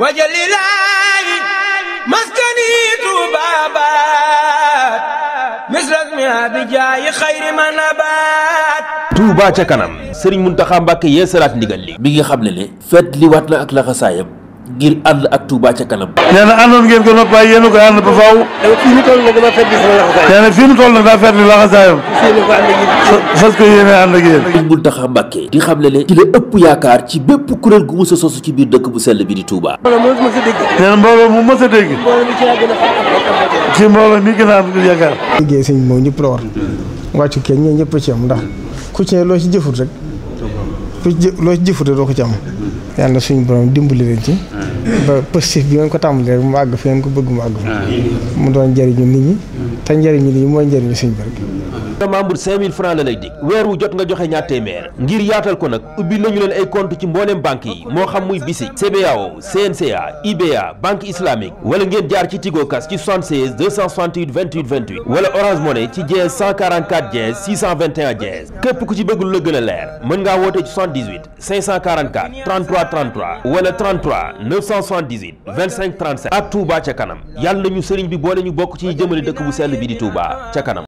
wajalilaayi maskani tuubaabaat misrame abijaayi xayri man abaat Touba ca kanam Serigne Mountakha Mbacké yee salaat ndigal li bi nga xam ne ne feet li waat na ak laxasaayam ngir ànd ak Touba ca kanam. nee na àndoon ngeen ko nopp waaye yéen a koy ànd ba faaw. fii ñu toll nag dafa fekk sama laxasaayam. nee na fii ñu toll nag daa fekk laxasaayam. fas ko yéene ànd ak yéen. Sëriñ Muntaxa Mbàkke di xamle ne ci la ëpp yaakaar ci bépp kuréel gu mës a sosu ci biir dëkk bu sell bi di Touba. nee na mbooloo mu mës a dégg. ci mbooloo mi gën a am yaakaar. liggéey sëñ moom ñëpp la war wàccu kenn ñoo ñëpp a ci am ndax ku ci ne loo ci jëfut rek ku ci loo ci jëfut rek doo ko ci am yàlla na suñu borom dimbali leen ci. ba positif bi ngeen ko tàmbalee rek mu àgg fi ngeen ko bëgg mu àgg fi. mu doon njëriñu nit ñi. te njëriñu nit ñi mooy njëriñu suñu borom. sa la lay dig weer wu jot nga joxe ñaar téeméer ngir yaatal ko nag ubbi nañu leen ay compte ci mbooleem banque yi moo xam muy BICIC CBAO CNCA IBA banque islamique wala ngeen jaar ci Tigo Cash ci 76 268 28 28 wala Orange Money ci dièse 144 dièse 621 dièse képp ku ci bëgg lu la gën a leer mën ngaa woote ci 78 33 wala 33 978 25 37 ak Touba ca kanam yàlla na ñu sëriñ bi boole ñu bokk ci ñi dëkk bu sell bi di Touba ca kanam